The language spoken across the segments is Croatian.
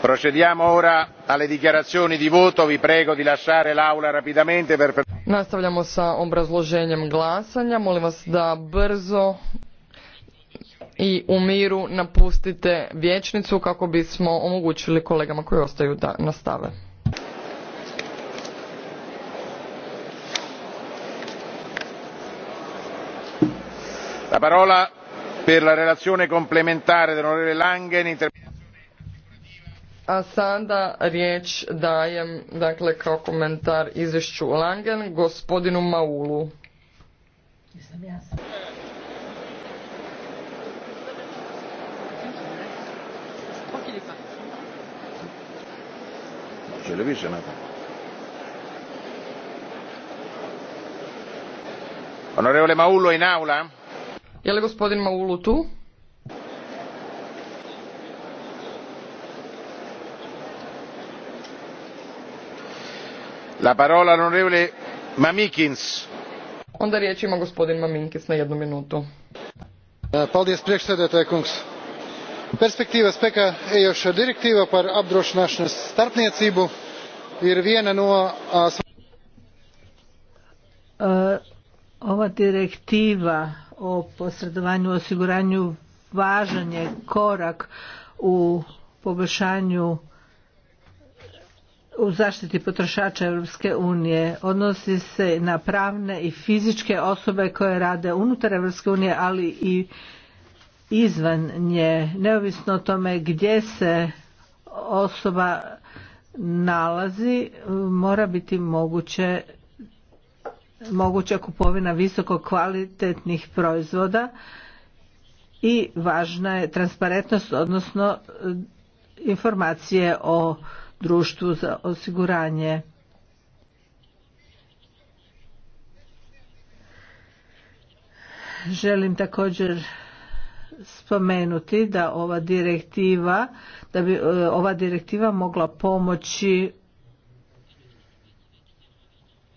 Procediamo ora alle dichiarazioni di voto, vi prego di lasciare l'aula rapidamente per... Nastavljamo sa obrazloženjem glasanja, molim vas da brzo i u miru napustite vijećnicu kako bismo omogućili kolegama koji ostaju da nastave. La parola per la relazione complementare a sada riječ dajem, dakle, kao komentar izvješću Langen, gospodinu Maulu. Jesam ja sam. Je Onorevole in aula? Je li gospodin Maulu tu? La parola onorevole Mamikins. Onda riječ ima gospodin Mamikins na jednu minutu. E, paldies priekšsēdētāji kungs. Perspektīva spēkā ejošā direktīva par apdrošināšanas starpniecību ir viena no e, ova direktiva o posredovanju osiguranju važan je korak u poboljšanju u zaštiti potrošača Europske unije odnosi se na pravne i fizičke osobe koje rade unutar Europske unije, ali i izvan nje, neovisno o tome gdje se osoba nalazi, mora biti moguće moguća kupovina visoko kvalitetnih proizvoda i važna je transparentnost, odnosno informacije o društvu za osiguranje. Želim također spomenuti da ova direktiva da bi e, ova direktiva mogla pomoći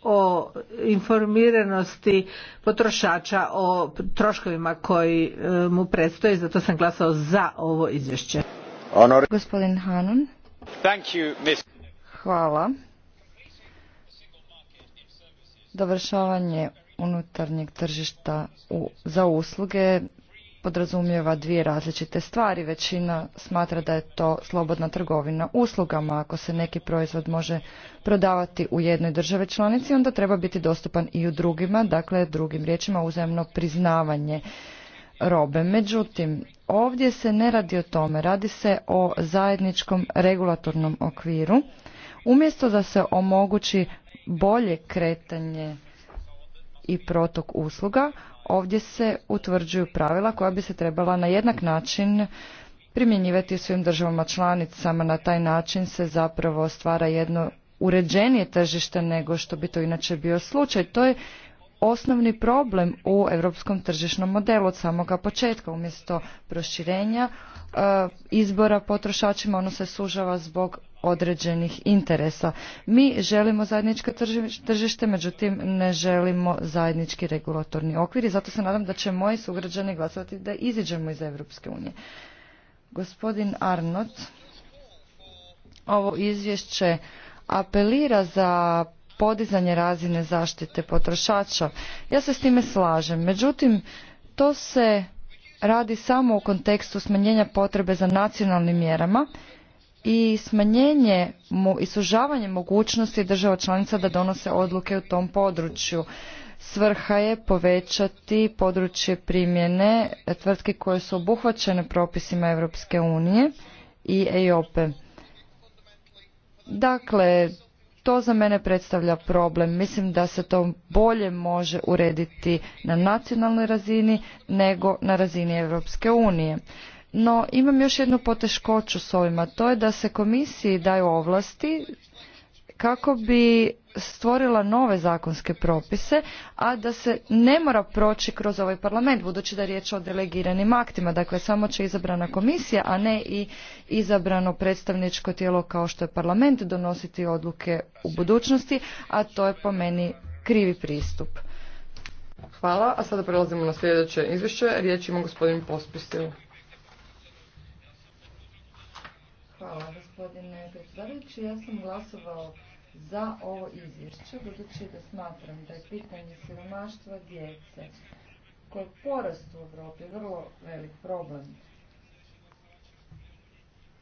o informiranosti potrošača o troškovima koji e, mu predstoje zato sam glasao za ovo izvješće. Gospodin Hanun. Hvala. Dovršavanje unutarnjeg tržišta za usluge podrazumijeva dvije različite stvari. Većina smatra da je to slobodna trgovina uslugama. Ako se neki proizvod može prodavati u jednoj državi članici, onda treba biti dostupan i u drugima, dakle drugim riječima uzajemno priznavanje robe. Međutim, Ovdje se ne radi o tome, radi se o zajedničkom regulatornom okviru. Umjesto da se omogući bolje kretanje i protok usluga, ovdje se utvrđuju pravila koja bi se trebala na jednak način primjenjivati u svim državama članicama. Na taj način se zapravo stvara jedno uređenije tržište nego što bi to inače bio slučaj. To je osnovni problem u europskom tržišnom modelu od samoga početka. Umjesto proširenja e, izbora potrošačima ono se sužava zbog određenih interesa. Mi želimo zajedničko tržište, međutim ne želimo zajednički regulatorni okvir i zato se nadam da će moji sugrađani glasovati da iziđemo iz Europske unije. Gospodin Arnot, ovo izvješće apelira za podizanje razine zaštite potrošača. Ja se s time slažem. Međutim, to se radi samo u kontekstu smanjenja potrebe za nacionalnim mjerama i smanjenje i sužavanje mogućnosti država članica da donose odluke u tom području. Svrha je povećati područje primjene tvrtke koje su obuhvaćene propisima Europske unije i EIOPE. Dakle, to za mene predstavlja problem. Mislim da se to bolje može urediti na nacionalnoj razini nego na razini Europske unije. No imam još jednu poteškoću s a to je da se komisiji daju ovlasti kako bi stvorila nove zakonske propise, a da se ne mora proći kroz ovaj parlament, budući da je riječ o delegiranim aktima. Dakle, samo će izabrana komisija, a ne i izabrano predstavničko tijelo kao što je parlament donositi odluke u budućnosti, a to je po meni krivi pristup. Hvala, a sada prelazimo na sljedeće izvješće. Riječ ima gospodin Pospisil. Hvala gospodine Ja sam glasovao za ovo izvješće, budući da smatram da je pitanje siromaštva djece koje porastu u Europi vrlo velik problem.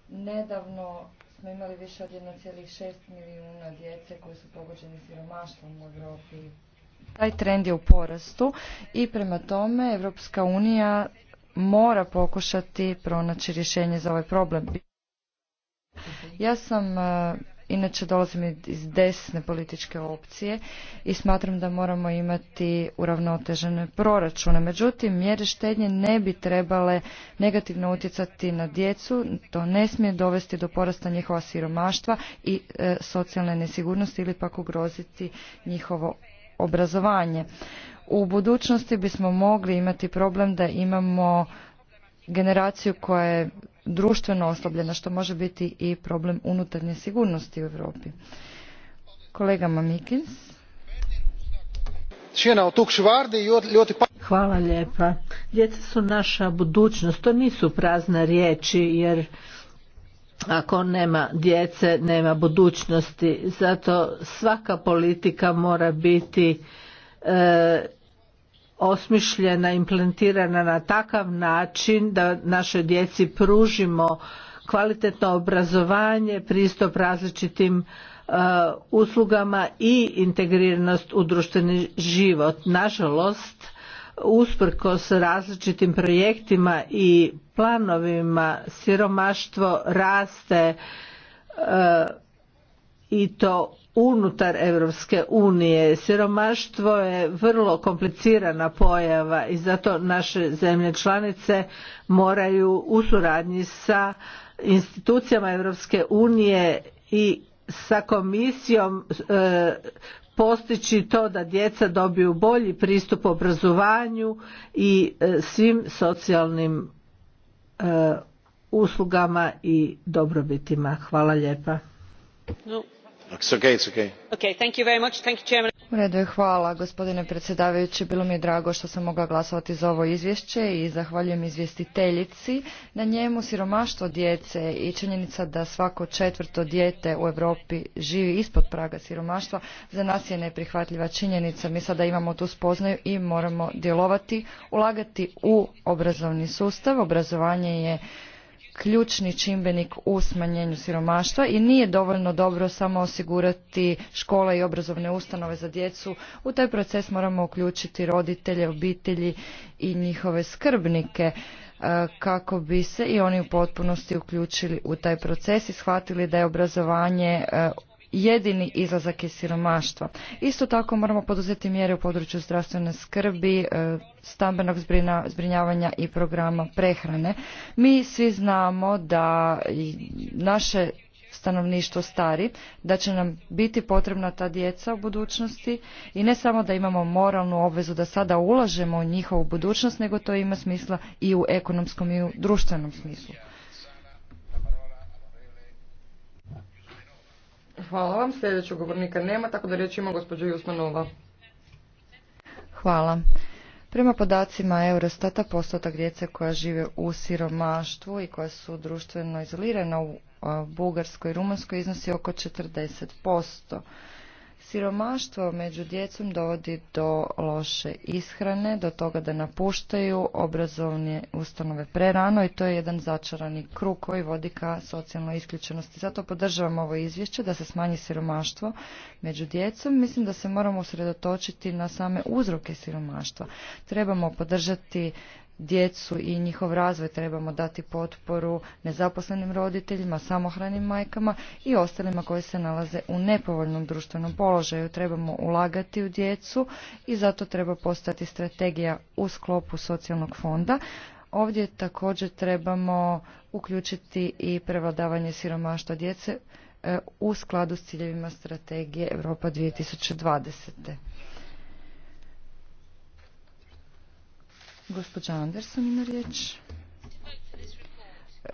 Nedavno smo imali više od 1,6 milijuna djece koji su pogođeni siromaštvom u Europi. Taj trend je u porastu i prema tome Evropska unija mora pokušati pronaći rješenje za ovaj problem. Ja sam inače dolazim iz desne političke opcije i smatram da moramo imati uravnotežene proračune. Međutim, mjere štednje ne bi trebale negativno utjecati na djecu, to ne smije dovesti do porasta njihova siromaštva i e, socijalne nesigurnosti ili pak ugroziti njihovo obrazovanje. U budućnosti bismo mogli imati problem da imamo generaciju koja je društveno oslabljena, što može biti i problem unutarnje sigurnosti u Europi. Kolega Mamikins. Pa- Hvala lijepa. Djeca su naša budućnost, to nisu prazne riječi jer ako nema djece nema budućnosti. Zato svaka politika mora biti e, osmišljena, implantirana na takav način da našoj djeci pružimo kvalitetno obrazovanje, pristup različitim e, uslugama i integriranost u društveni život. Nažalost, s različitim projektima i planovima siromaštvo raste e, i to unutar Europske unije. Siromaštvo je vrlo komplicirana pojava i zato naše zemlje članice moraju u suradnji sa institucijama Europske unije i sa komisijom e, postići to da djeca dobiju bolji pristup obrazovanju i e, svim socijalnim e, uslugama i dobrobitima. Hvala lijepa hvala gospodine predsjedavajući bilo mi je drago što sam mogla glasovati za ovo izvješće i zahvaljujem izvjestiteljici na njemu siromaštvo djece i činjenica da svako četvrto dijete u europi živi ispod praga siromaštva za nas je neprihvatljiva činjenica mi sada imamo tu spoznaju i moramo djelovati ulagati u obrazovni sustav obrazovanje je ključni čimbenik u smanjenju siromaštva i nije dovoljno dobro samo osigurati škole i obrazovne ustanove za djecu. U taj proces moramo uključiti roditelje, obitelji i njihove skrbnike e, kako bi se i oni u potpunosti uključili u taj proces i shvatili da je obrazovanje e, jedini izlazak iz siromaštva. Isto tako moramo poduzeti mjere u području zdravstvene skrbi, e, stambenog zbrinjavanja i programa prehrane. Mi svi znamo da naše stanovništvo stari, da će nam biti potrebna ta djeca u budućnosti i ne samo da imamo moralnu obvezu da sada ulažemo u njihovu budućnost, nego to ima smisla i u ekonomskom i u društvenom smislu. Hvala vam. Sljedećeg govornika nema, tako da riječ ima gospođa Jusmanova. Hvala. Prema podacima Eurostata, postotak djece koja žive u siromaštvu i koja su društveno izolirana u Bugarskoj i Rumunskoj iznosi oko 40%. Siromaštvo među djecom dovodi do loše ishrane, do toga da napuštaju obrazovne ustanove prerano i to je jedan začarani krug koji vodi ka socijalnoj isključenosti. Zato podržavam ovo izvješće da se smanji siromaštvo među djecom. Mislim da se moramo usredotočiti na same uzroke siromaštva. Trebamo podržati djecu i njihov razvoj. Trebamo dati potporu nezaposlenim roditeljima, samohranim majkama i ostalima koji se nalaze u nepovoljnom društvenom položaju. Trebamo ulagati u djecu i zato treba postati strategija u sklopu socijalnog fonda. Ovdje također trebamo uključiti i prevladavanje siromaštva djece e, u skladu s ciljevima strategije Europa 2020. Gospođa Anderson ima riječ.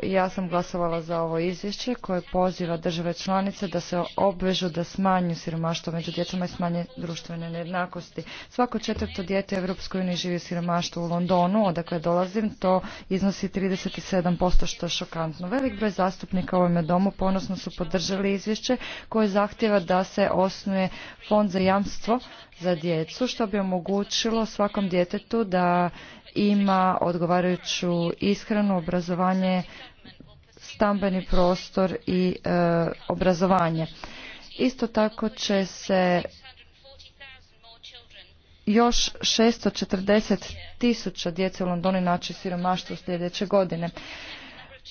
Ja sam glasovala za ovo izvješće koje poziva države članice da se obvežu da smanju siromaštvo među djecom i smanje društvene nejednakosti. Svako četvrto dijete u Europskoj uniji živi siromaštvo u Londonu, odakle dolazim, to iznosi 37%, što je šokantno. Velik broj zastupnika u ovome domu ponosno su podržali izvješće koje zahtjeva da se osnuje fond za jamstvo za djecu, što bi omogućilo svakom djetetu da ima odgovarajuću ishranu, obrazovanje, stambeni prostor i e, obrazovanje. Isto tako će se još 640 tisuća djece u Londoni naći siromaštvo sljedeće godine.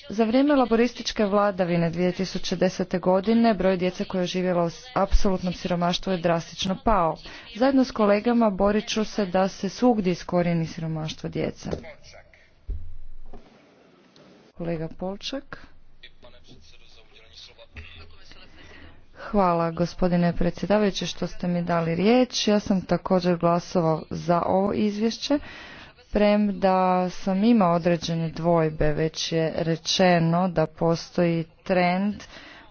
Za vrijeme laborističke vladavine 2010. godine broj djece koja je živjela u apsolutnom siromaštvu je drastično pao. Zajedno s kolegama borit ću se da se svugdje iskorijeni siromaštvo djece. Kolega Polčak. Hvala gospodine predsjedavajući što ste mi dali riječ. Ja sam također glasovao za ovo izvješće, premda sam imao određene dvojbe, već je rečeno da postoji trend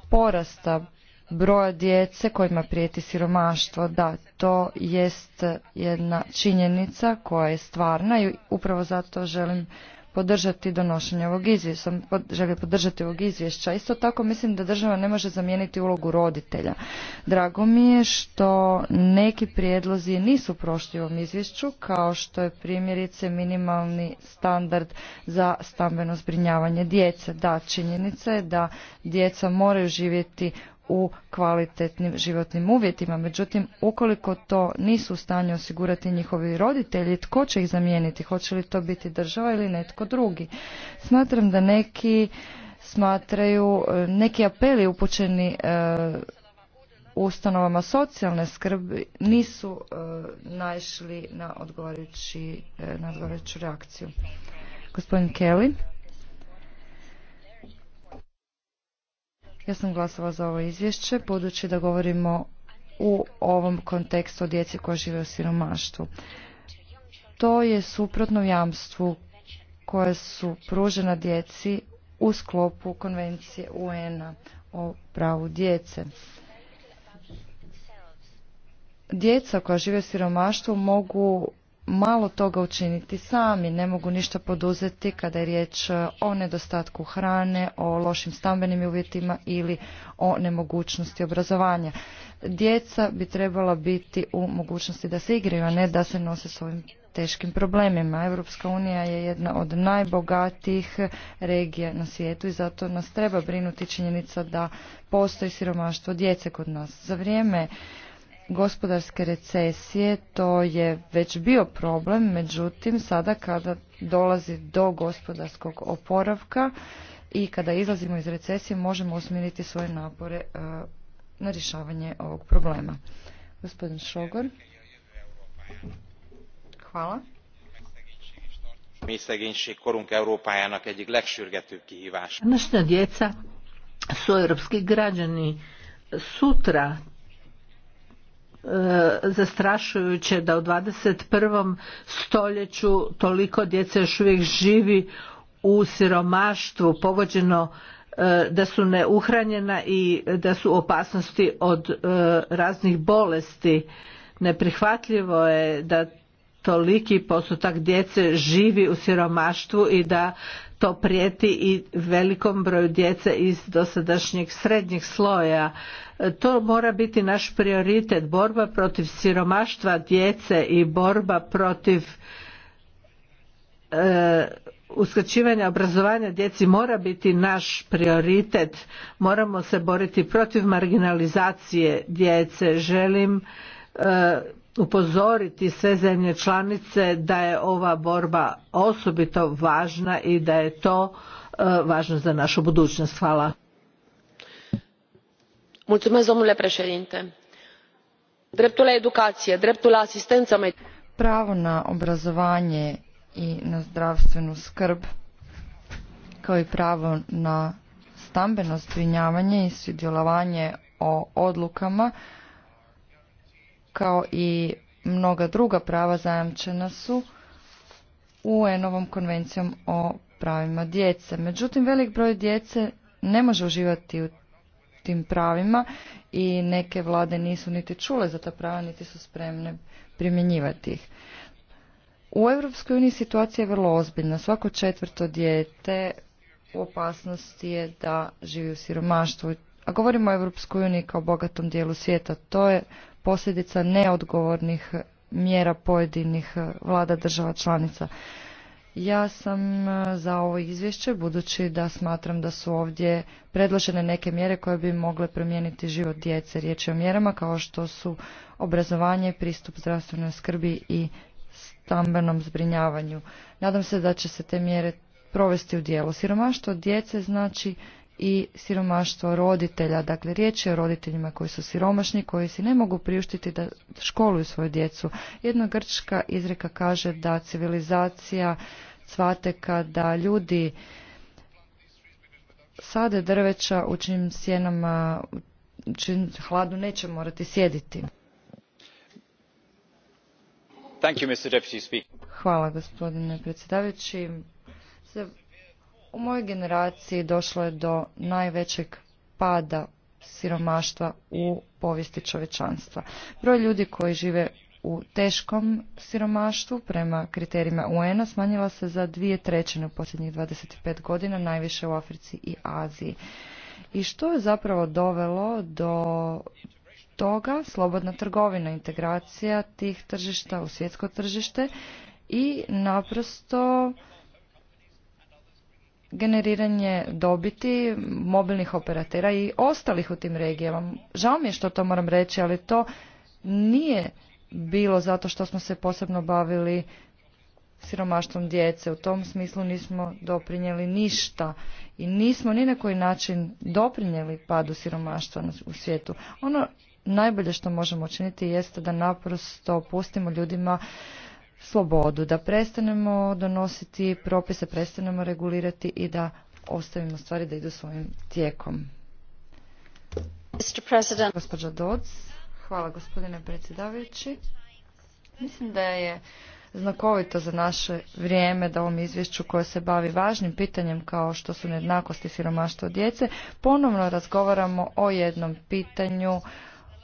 porasta broja djece kojima prijeti siromaštvo. Da, to jest jedna činjenica koja je stvarna i upravo zato želim podržati donošenje ovog izvješća, želi podržati ovog izvješća. Isto tako mislim da država ne može zamijeniti ulogu roditelja. Drago mi je što neki prijedlozi nisu prošli u ovom izvješću, kao što je primjerice minimalni standard za stambeno zbrinjavanje djece. Da, činjenica je da djeca moraju živjeti u kvalitetnim životnim uvjetima. Međutim, ukoliko to nisu u stanju osigurati njihovi roditelji, tko će ih zamijeniti? Hoće li to biti država ili netko drugi? Smatram da neki smatraju, e, neki apeli upućeni e, ustanovama socijalne skrbi nisu e, naišli na odgovarajuću reakciju. Gospodin Kelly. Ja sam glasala za ovo izvješće, budući da govorimo u ovom kontekstu o djeci koja žive u siromaštvu. To je suprotno jamstvu koja su pružena djeci u sklopu konvencije UN-a o pravu djece. Djeca koja žive u siromaštvu mogu malo toga učiniti sami, ne mogu ništa poduzeti kada je riječ e, o nedostatku hrane, o lošim stambenim uvjetima ili o nemogućnosti obrazovanja. Djeca bi trebala biti u mogućnosti da se igraju, a ne da se nose s ovim teškim problemima. Europska unija je jedna od najbogatijih regija na svijetu i zato nas treba brinuti činjenica da postoji siromaštvo djece kod nas. Za vrijeme gospodarske recesije to je već bio problem, međutim sada kada dolazi do gospodarskog oporavka i kada izlazimo iz recesije možemo usmjeriti svoje napore e, na rješavanje ovog problema. Gospodin Šogor. Hvala. Današnja djeca su europski građani. Sutra E, zastrašujuće da u 21. stoljeću toliko djece još uvijek živi u siromaštvu pogođeno e, da su neuhranjena i da su opasnosti od e, raznih bolesti neprihvatljivo je da toliki postotak djece živi u siromaštvu i da to prijeti i velikom broju djece iz dosadašnjeg srednjeg sloja. To mora biti naš prioritet, borba protiv siromaštva djece i borba protiv e, obrazovanja djeci mora biti naš prioritet. Moramo se boriti protiv marginalizacije djece. Želim e, upozoriti sve zemlje članice da je ova borba osobito važna i da je to e, važno za našu budućnost. Hvala. domnule președinte. Dreptul Pravo na obrazovanje i na zdravstvenu skrb, kao i pravo na stambeno zbrinjavanje i sudjelovanje o odlukama kao i mnoga druga prava zajamčena su UN-ovom konvencijom o pravima djece. Međutim, velik broj djece ne može uživati u tim pravima i neke vlade nisu niti čule za ta prava, niti su spremne primjenjivati ih. U Europskoj uniji situacija je vrlo ozbiljna. Svako četvrto dijete u opasnosti je da živi u siromaštvu. A govorimo o Europskoj uniji kao bogatom dijelu svijeta. To je posljedica neodgovornih mjera pojedinih e, vlada država članica. Ja sam e, za ovo izvješće, budući da smatram da su ovdje predložene neke mjere koje bi mogle promijeniti život djece. Riječ je o mjerama kao što su obrazovanje, pristup zdravstvenoj skrbi i stambenom zbrinjavanju. Nadam se da će se te mjere provesti u dijelu. Siromaštvo djece znači i siromaštvo roditelja. Dakle, riječ je o roditeljima koji su siromašni, koji si ne mogu priuštiti da školuju svoju djecu. Jedna grčka izreka kaže da civilizacija cvate kada ljudi sade drveća u čim sjenama, u čim hladu neće morati sjediti. Hvala gospodine predsjedavajući. U mojoj generaciji došlo je do najvećeg pada siromaštva u povijesti čovečanstva. Broj ljudi koji žive u teškom siromaštvu prema kriterijima UN-a smanjila se za dvije trećine u posljednjih 25 godina, najviše u Africi i Aziji. I što je zapravo dovelo do toga slobodna trgovina, integracija tih tržišta u svjetsko tržište i naprosto generiranje dobiti mobilnih operatera i ostalih u tim regijama. Žao mi je što to moram reći, ali to nije bilo zato što smo se posebno bavili siromaštvom djece. U tom smislu nismo doprinijeli ništa i nismo ni na koji način doprinijeli padu siromaštva u svijetu. Ono najbolje što možemo učiniti jeste da naprosto pustimo ljudima slobodu, da prestanemo donositi propise, prestanemo regulirati i da ostavimo stvari da idu svojim tijekom. Gospođa Dodds, hvala gospodine predsjedavajući. Mislim da je znakovito za naše vrijeme da ovom izvješću koje se bavi važnim pitanjem kao što su nejednakosti siromaštvo djece, ponovno razgovaramo o jednom pitanju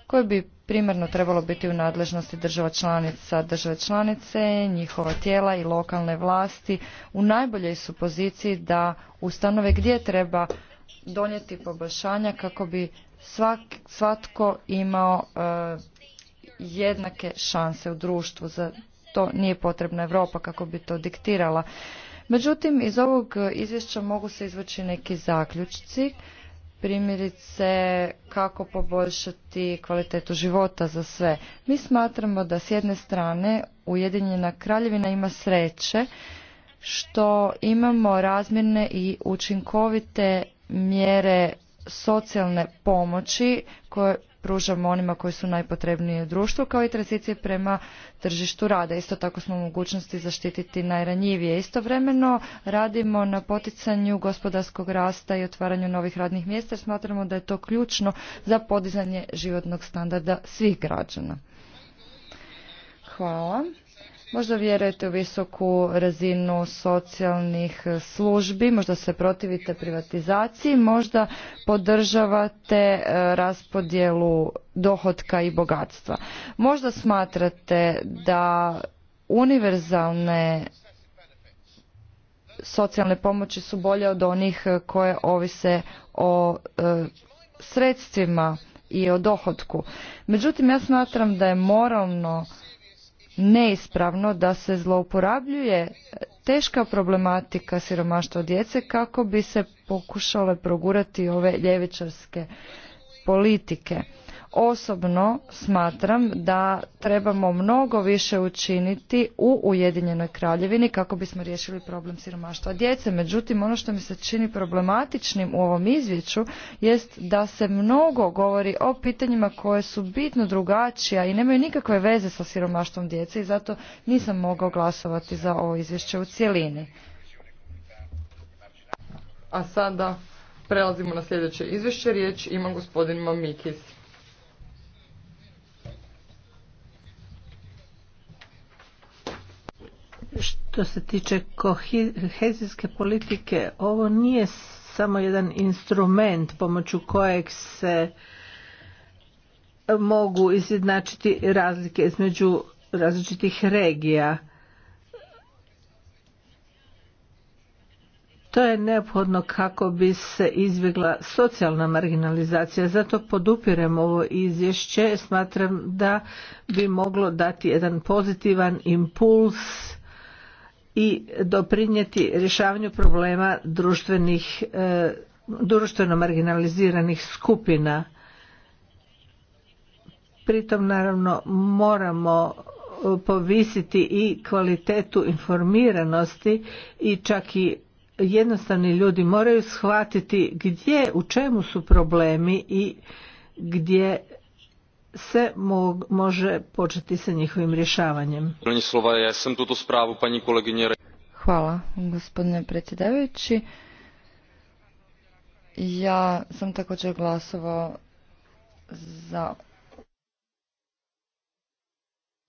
koje bi primarno trebalo biti u nadležnosti država članica. Države članice, njihova tijela i lokalne vlasti u najboljoj su poziciji da ustanove gdje treba donijeti poboljšanja kako bi svatko imao e, jednake šanse u društvu. Za to nije potrebna Europa kako bi to diktirala. Međutim, iz ovog izvješća mogu se izvući neki zaključci primjerice kako poboljšati kvalitetu života za sve. Mi smatramo da s jedne strane Ujedinjena kraljevina ima sreće što imamo razmjerne i učinkovite mjere socijalne pomoći koje pružamo onima koji su najpotrebniji u društvu kao i tranzicije prema tržištu rada. Isto tako smo u mogućnosti zaštititi najranjivije. Istovremeno radimo na poticanju gospodarskog rasta i otvaranju novih radnih mjesta jer smatramo da je to ključno za podizanje životnog standarda svih građana. Hvala. Možda vjerujete u visoku razinu socijalnih službi, možda se protivite privatizaciji, možda podržavate e, raspodjelu dohotka i bogatstva. Možda smatrate da univerzalne socijalne pomoći su bolje od onih koje ovise o e, sredstvima i o dohotku. Međutim, ja smatram da je moralno neispravno da se zlouporabljuje teška problematika siromaštva djece kako bi se pokušale progurati ove ljevičarske politike osobno smatram da trebamo mnogo više učiniti u Ujedinjenoj kraljevini kako bismo riješili problem siromaštva djece. Međutim, ono što mi se čini problematičnim u ovom izvješću jest da se mnogo govori o pitanjima koje su bitno drugačija i nemaju nikakve veze sa siromaštvom djece i zato nisam mogao glasovati za ovo izvješće u cjelini. A sada prelazimo na sljedeće izvješće. Riječ ima gospodin Mamikis. Što se tiče kohezijske politike, ovo nije samo jedan instrument pomoću kojeg se mogu izjednačiti razlike između različitih regija. To je neophodno kako bi se izbjegla socijalna marginalizacija, zato podupirem ovo izvješće, smatram da bi moglo dati jedan pozitivan impuls i doprinijeti rješavanju problema društvenih e, društveno marginaliziranih skupina pritom naravno moramo e, povisiti i kvalitetu informiranosti i čak i jednostavni ljudi moraju shvatiti gdje u čemu su problemi i gdje se može početi sa njihovim rješavanjem. sam Hvala, gospodine predsjedavajući. Ja sam također glasovao za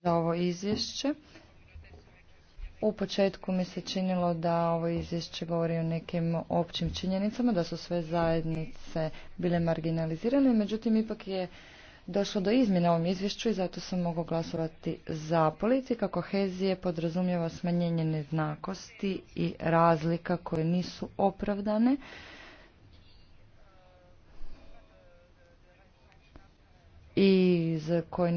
za ovo izvješće. U početku mi se činilo da ovo izvješće govori o nekim općim činjenicama, da su sve zajednice bile marginalizirane, međutim ipak je došlo do izmjena u ovom izvješću i zato sam mogu glasovati za. Politika kohezije podrazumijeva smanjenje neznakosti i razlika koje nisu opravdane. i za koje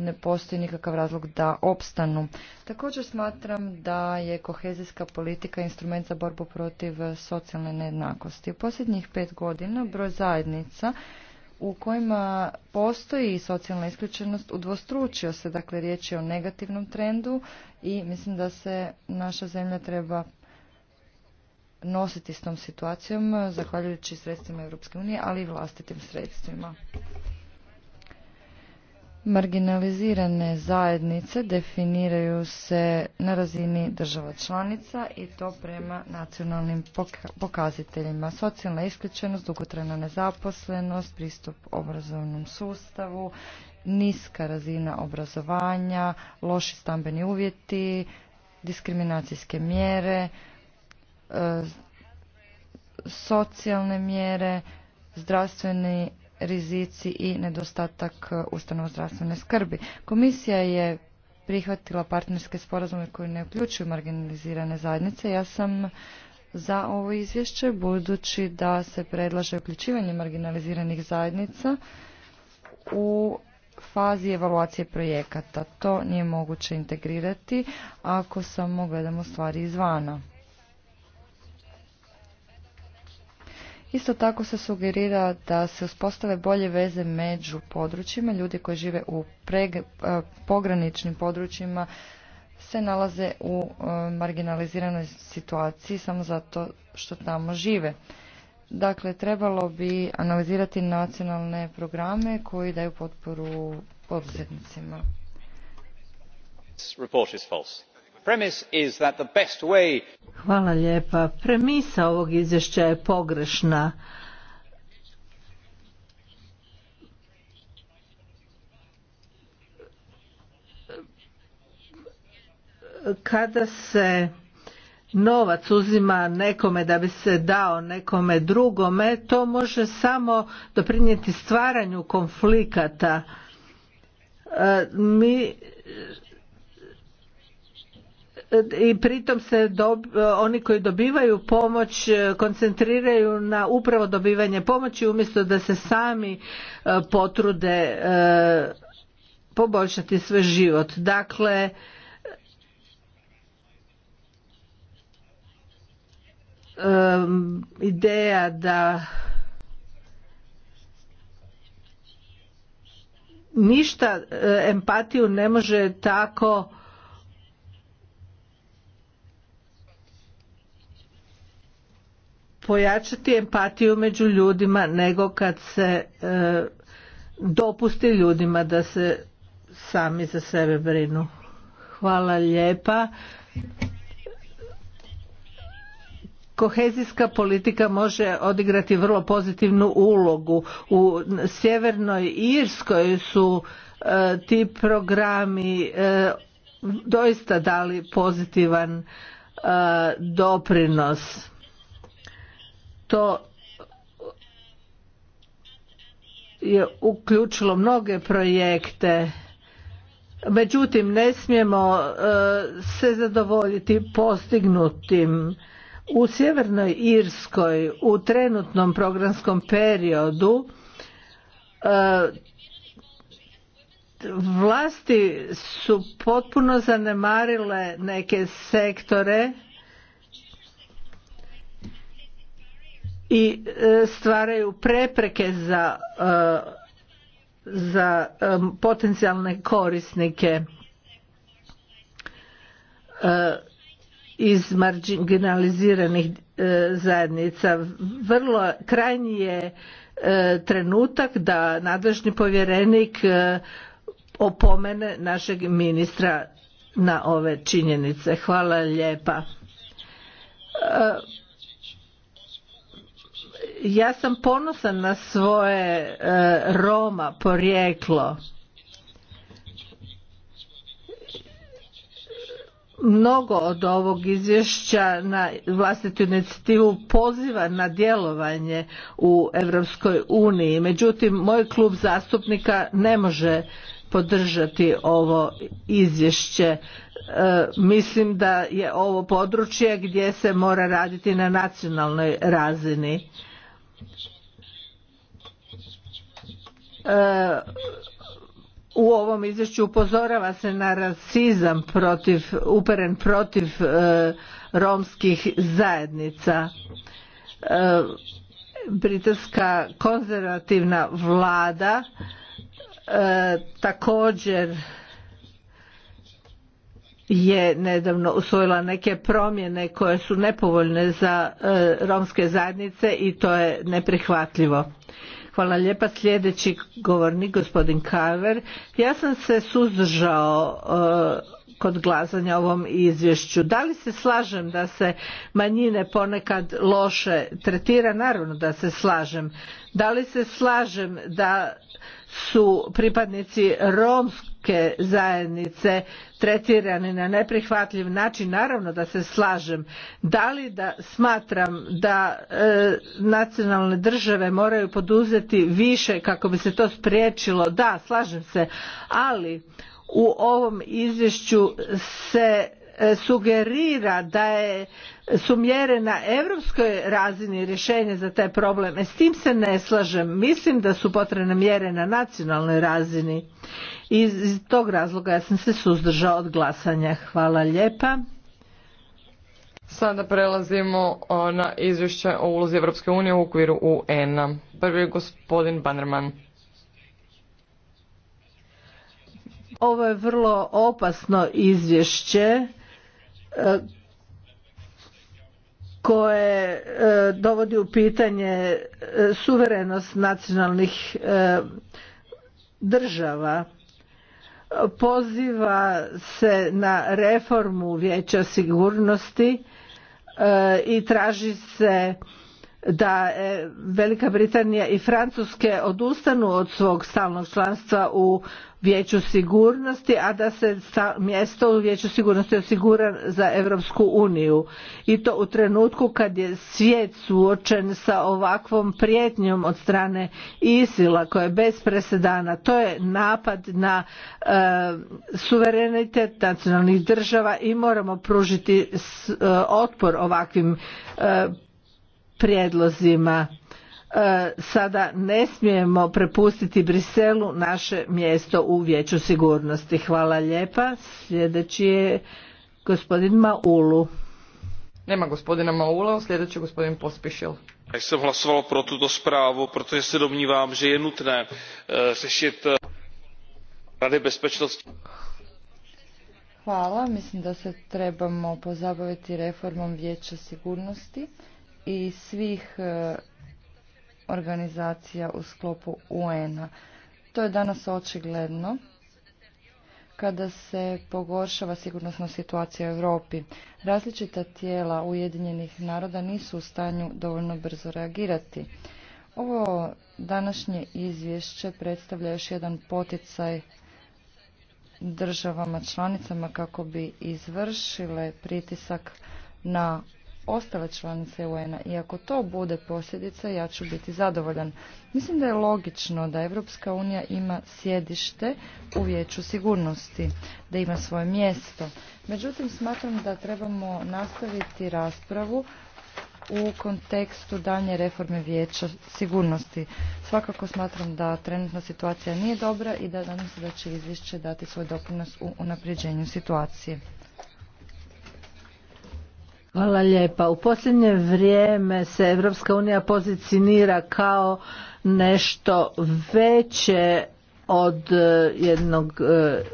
ne postoji nikakav razlog da opstanu. Također smatram da je kohezijska politika instrument za borbu protiv socijalne nejednakosti. U posljednjih pet godina broj zajednica u kojima postoji socijalna isključenost udvostručio se, dakle riječ je o negativnom trendu i mislim da se naša zemlja treba nositi s tom situacijom zahvaljujući sredstvima Europske unije, ali i vlastitim sredstvima. Marginalizirane zajednice definiraju se na razini država članica i to prema nacionalnim pokazateljima. Socijalna isključenost, dugotrajna nezaposlenost, pristup obrazovnom sustavu, niska razina obrazovanja, loši stambeni uvjeti, diskriminacijske mjere, e, socijalne mjere, zdravstveni rizici i nedostatak ustanova zdravstvene skrbi. Komisija je prihvatila partnerske sporazume koji ne uključuju marginalizirane zajednice. Ja sam za ovo izvješće budući da se predlaže uključivanje marginaliziranih zajednica u fazi evaluacije projekata. To nije moguće integrirati ako samo gledamo stvari izvana. Isto tako se sugerira da se uspostave bolje veze među područjima. Ljudi koji žive u e, pograničnim područjima se nalaze u e, marginaliziranoj situaciji samo zato što tamo žive. Dakle, trebalo bi analizirati nacionalne programe koji daju potporu poduzetnicima. report Hvala lijepa. Premisa ovog izvješća je pogrešna. Kada se novac uzima nekome da bi se dao nekome drugome, to može samo doprinijeti stvaranju konflikata. E, mi i pritom se oni koji dobivaju pomoć e, koncentriraju na upravo dobivanje pomoći umjesto da se sami e, potrude e, poboljšati svoj život. Dakle, ideja da ništa empatiju ne može tako pojačati empatiju među ljudima nego kad se e, dopusti ljudima da se sami za sebe brinu. Hvala lijepa. Kohezijska politika može odigrati vrlo pozitivnu ulogu. U sjevernoj Irskoj su e, ti programi e, doista dali pozitivan doprinos to je uključilo mnoge projekte međutim ne smijemo e, se zadovoljiti postignutim u sjevernoj irskoj u trenutnom programskom periodu e, vlasti su potpuno zanemarile neke sektore i e, stvaraju prepreke za, e, za e, potencijalne korisnike iz marginaliziranih zajednica. Vrlo krajnji je trenutak da nadležni povjerenik opomene našeg ministra na ove činjenice. Hvala lijepa ja sam ponosan na svoje e, Roma porijeklo. Mnogo od ovog izvješća na vlastitu inicijativu poziva na djelovanje u Europskoj uniji. Međutim, moj klub zastupnika ne može podržati ovo izvješće. E, mislim da je ovo područje gdje se mora raditi na nacionalnoj razini u ovom izvješću upozorava se na rasizam protiv, uperen protiv e, romskih zajednica. E, britanska konzervativna vlada e, također je nedavno usvojila neke promjene koje su nepovoljne za e, romske zajednice i to je neprihvatljivo. Hvala lijepa. Sljedeći govornik, gospodin Kaver. Ja sam se suzdržao e, kod glazanja ovom izvješću. Da li se slažem da se manjine ponekad loše tretira? Naravno da se slažem. Da li se slažem da su pripadnici romske zajednice tretirani na neprihvatljiv način naravno da se slažem da li da smatram da e, nacionalne države moraju poduzeti više kako bi se to spriječilo da slažem se ali u ovom izvješću se e, sugerira da je, su mjere na europskoj razini rješenje za taj problem. E, s tim se ne slažem. Mislim da su potrebne mjere na nacionalnoj razini. I iz tog razloga ja sam se suzdržao od glasanja. Hvala lijepa. Sada prelazimo na izvješće o ulozi Europske unije u okviru UN-a. Prvi je gospodin Bannerman. Ovo je vrlo opasno izvješće e, koje e, dovodi u pitanje e, suverenost nacionalnih država poziva se na reformu vijeća sigurnosti i traži se da e, Velika Britanija i Francuske odustanu od svog stalnog članstva u Vijeću sigurnosti, a da se mjesto u Vijeću sigurnosti osigura za Europsku uniju. I to u trenutku kad je svijet suočen sa ovakvom prijetnjom od strane ISIL-a koja je bez presedana. To je napad na e, suverenitet nacionalnih država i moramo pružiti e, otpor ovakvim prijedlozima e, sada ne smijemo prepustiti Briselu naše mjesto u vijeću sigurnosti. Hvala lijepa. Sljedeći je gospodin Maulu. Nema gospodina Maula, sljedeći je gospodin Pospišil. Ja sam hlasoval pro tuto správu, protože se domnívám, že je nutné e, řešit e, rady bezpečnosti. Hvala, mislim da se trebamo pozabaviti reformom vijeća sigurnosti i svih e, organizacija u sklopu UN-a. To je danas očigledno kada se pogoršava sigurnosna situacija u Europi. Različita tijela Ujedinjenih naroda nisu u stanju dovoljno brzo reagirati. Ovo današnje izvješće predstavlja još jedan poticaj državama članicama kako bi izvršile pritisak na ostale članice UN-a i ako to bude posljedica ja ću biti zadovoljan. Mislim da je logično da Europska unija ima sjedište u vijeću sigurnosti, da ima svoje mjesto. Međutim, smatram da trebamo nastaviti raspravu u kontekstu danje reforme vijeća sigurnosti. Svakako smatram da trenutna situacija nije dobra i da danas da će izvješće dati svoj doprinos u unapređenju situacije. Hvala lijepa. U posljednje vrijeme se Europska unija pozicionira kao nešto veće od e, jednog e,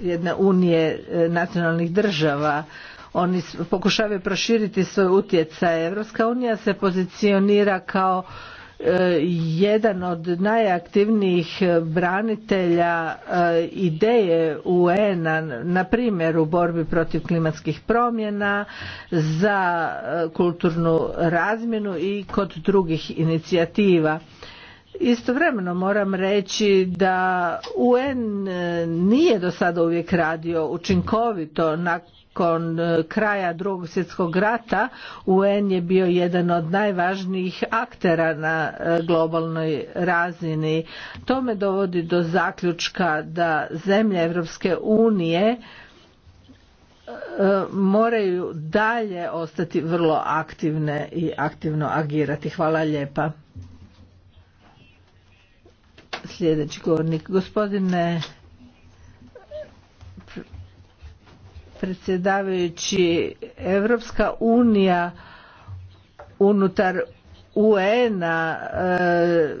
jedne unije e, nacionalnih država oni pokušavaju proširiti svoj utjecaj. Europska unija se pozicionira kao jedan od najaktivnijih branitelja e, ideje UN-a, na primjer u borbi protiv klimatskih promjena, za e, kulturnu razmjenu i kod drugih inicijativa. Istovremeno moram reći da UN e, nije do sada uvijek radio učinkovito na nakon e, kraja drugog svjetskog rata UN je bio jedan od najvažnijih aktera na e, globalnoj razini. To me dovodi do zaključka da zemlje Europske unije e, moraju dalje ostati vrlo aktivne i aktivno agirati. Hvala lijepa. Sljedeći govornik, gospodine predsjedavajući Europska unija unutar UN-a e,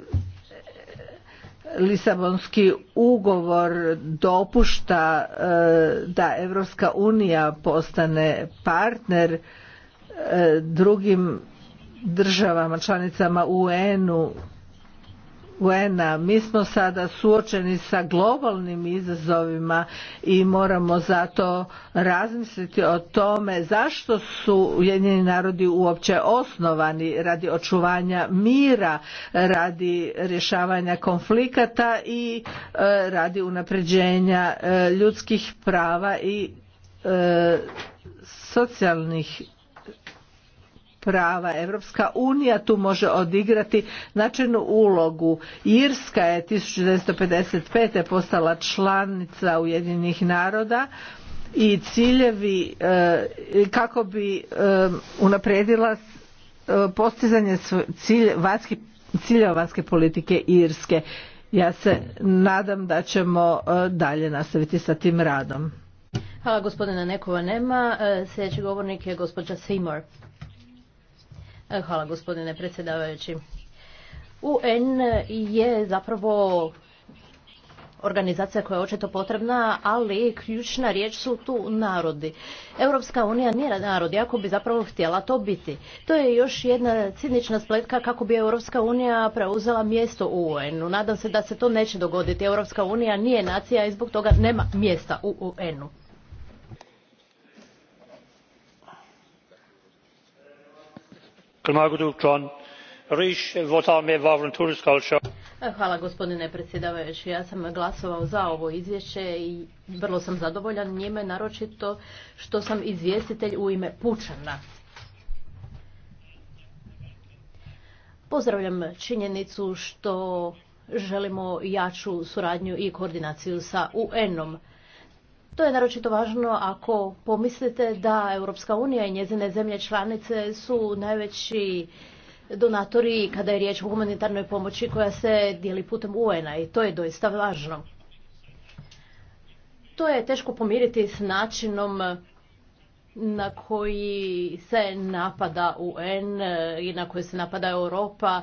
Lisabonski ugovor dopušta e, da Europska unija postane partner e, drugim državama članicama UN-u un Mi smo sada suočeni sa globalnim izazovima i moramo zato razmisliti o tome zašto su Ujedinjeni narodi uopće osnovani radi očuvanja mira, radi rješavanja konflikata i e, radi unapređenja e, ljudskih prava i e, socijalnih prava. Europska unija tu može odigrati značajnu ulogu. Irska je 1955. postala članica Ujedinjenih naroda i ciljevi e, kako bi e, unaprijedila e, postizanje cilj, ciljeva vanjske politike Irske. Ja se nadam da ćemo dalje nastaviti sa tim radom. Hvala gospodina Nekova nema. Sljedeći govornik je gospođa Seymour. E, hvala gospodine predsjedavajući. UN je zapravo organizacija koja je očito potrebna, ali ključna riječ su tu narodi. Europska unija nije narod, ako bi zapravo htjela to biti. To je još jedna cinična spletka kako bi Europska unija preuzela mjesto u UN-u. Nadam se da se to neće dogoditi. Europska unija nije nacija i zbog toga nema mjesta u UN-u. E, hvala gospodine predsjedavajući. Ja sam glasovao za ovo izvješće i vrlo sam zadovoljan njime, naročito što sam izvjestitelj u ime Pučana. Pozdravljam činjenicu što želimo jaču suradnju i koordinaciju sa UN-om. To je naročito važno ako pomislite da Europska unija i njezine zemlje članice su najveći donatori kada je riječ o humanitarnoj pomoći koja se dijeli putem UN-a i to je doista važno. To je teško pomiriti s načinom na koji se napada UN i na koji se napada Europa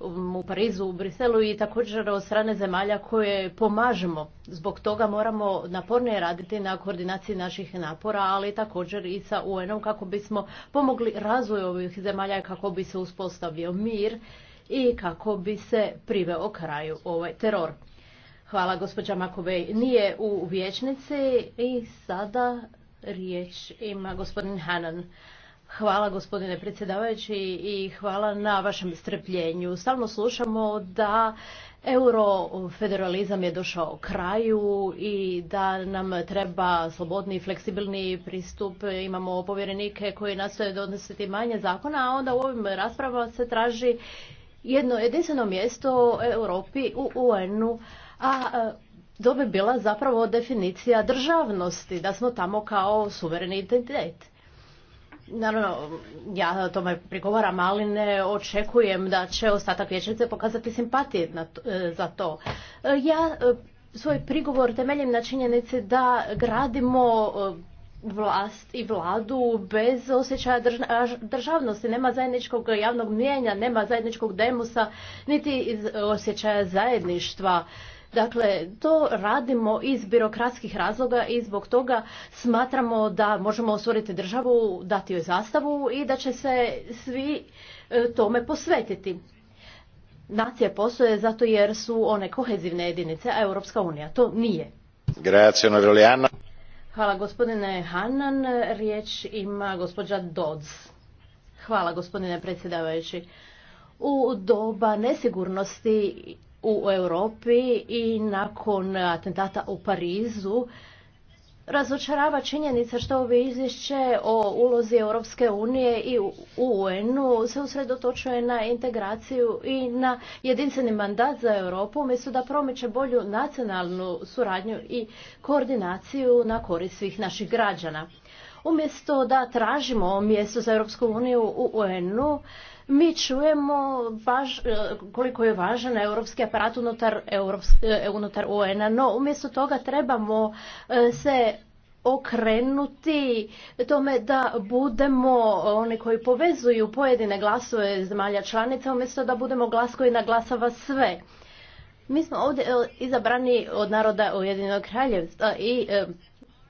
u Parizu, u Briselu i također od strane zemalja koje pomažemo. Zbog toga moramo napornije raditi na koordinaciji naših napora, ali također i sa UN-om kako bismo pomogli razvoju ovih zemalja kako bi se uspostavio mir i kako bi se priveo kraju ovaj teror. Hvala gospođa Makovej. Nije u vječnici i sada riječ ima gospodin Hanan. Hvala gospodine predsjedavajući i hvala na vašem strpljenju. Stalno slušamo da eurofederalizam je došao kraju i da nam treba slobodni i fleksibilni pristup. Imamo povjerenike koji nastoje donositi manje zakona, a onda u ovim raspravama se traži jedno jedinstveno mjesto u Europi u UN-u, a e, to bi bila zapravo definicija državnosti, da smo tamo kao suvereni identitet. Naravno, ja tome prigovaram, ali ne očekujem da će ostatak vječnice pokazati simpatije e, za to. E, ja e, svoj prigovor temeljim na činjenici da gradimo vlast i vladu bez osjećaja državnosti. Nema zajedničkog javnog mijenja, nema zajedničkog demusa, niti osjećaja zajedništva. Dakle, to radimo iz birokratskih razloga i zbog toga smatramo da možemo osvoriti državu, dati joj zastavu i da će se svi e, tome posvetiti. Nacije postoje zato jer su one kohezivne jedinice, a Europska unija to nije. Hvala gospodine Hannan. Riječ ima gospođa Dodds. Hvala gospodine predsjedavajući. U doba nesigurnosti u Europi i nakon atentata u Parizu razočarava činjenica što ovo izvješće o ulozi Europske unije i UN-u se usredotočuje na integraciju i na jedinstveni mandat za Europu, umjesto da promiče bolju nacionalnu suradnju i koordinaciju na korist svih naših građana. Umjesto da tražimo mjesto za Europsku uniju u UN-u, mi čujemo e, koliko je važan europski aparat unutar, e, unutar UN-a, no umjesto toga trebamo e, se okrenuti tome da budemo oni koji povezuju pojedine glasove zemalja članica umjesto da budemo glas koji naglasava sve. Mi smo ovdje izabrani od naroda Ujedinog kraljevstva i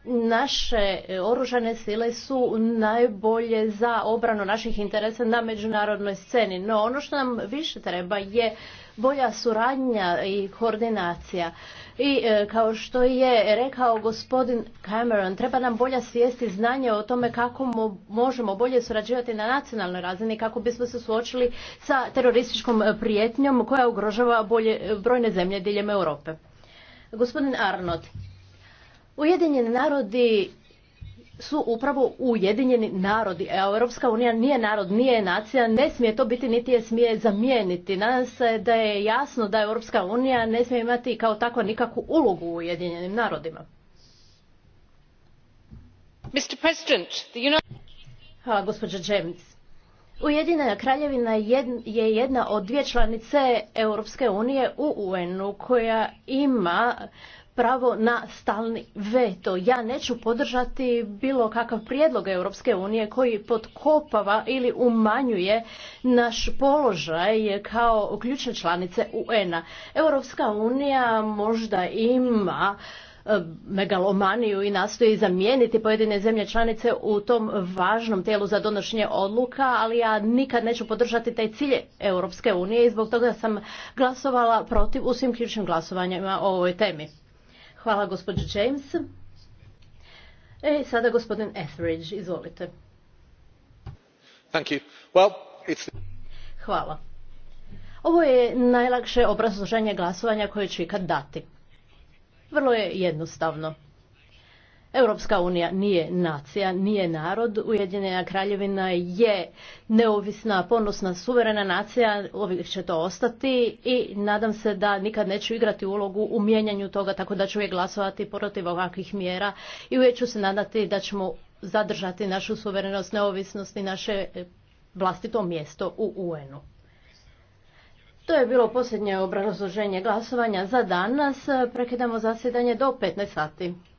naše e, oružane sile su najbolje za obranu naših interesa na međunarodnoj sceni. No ono što nam više treba je bolja suradnja i koordinacija. I e, kao što je rekao gospodin Cameron, treba nam bolja svijesti znanje o tome kako možemo bolje surađivati na nacionalnoj razini kako bismo se suočili sa terorističkom prijetnjom koja ugrožava bolje, brojne zemlje diljem Europe. Gospodin Arnott, Ujedinjeni narodi su upravo ujedinjeni narodi. E, Europska unija nije narod, nije nacija, ne smije to biti niti je smije zamijeniti. Nadam se da je jasno da Europska unija ne smije imati kao takva nikakvu ulogu u ujedinjenim narodima. Mr. President, Ujedinjena kraljevina je jedna od dvije članice Europske unije u UN-u koja ima pravo na stalni veto. Ja neću podržati bilo kakav prijedlog Europske unije koji potkopava ili umanjuje naš položaj kao ključne članice UN-a. Europska unija možda ima e, megalomaniju i nastoji zamijeniti pojedine zemlje članice u tom važnom tijelu za donošenje odluka, ali ja nikad neću podržati taj cilj Europske unije i zbog toga sam glasovala protiv u svim ključnim glasovanjima o ovoj temi. Hvala gospođo James. E, sada gospodin Etheridge, izvolite. Hvala. Ovo je najlakše obrazloženje glasovanja koje ću ikad dati. Vrlo je jednostavno. Europska unija nije nacija, nije narod. Ujedinjena kraljevina je neovisna, ponosna, suverena nacija. Uvijek će to ostati i nadam se da nikad neću igrati ulogu u mijenjanju toga tako da ću uvijek glasovati protiv ovakvih mjera i uvijek ću se nadati da ćemo zadržati našu suverenost, neovisnost i naše e, vlastito mjesto u UN-u. To je bilo posljednje obrazloženje glasovanja za danas. Prekidamo zasjedanje do 15 sati.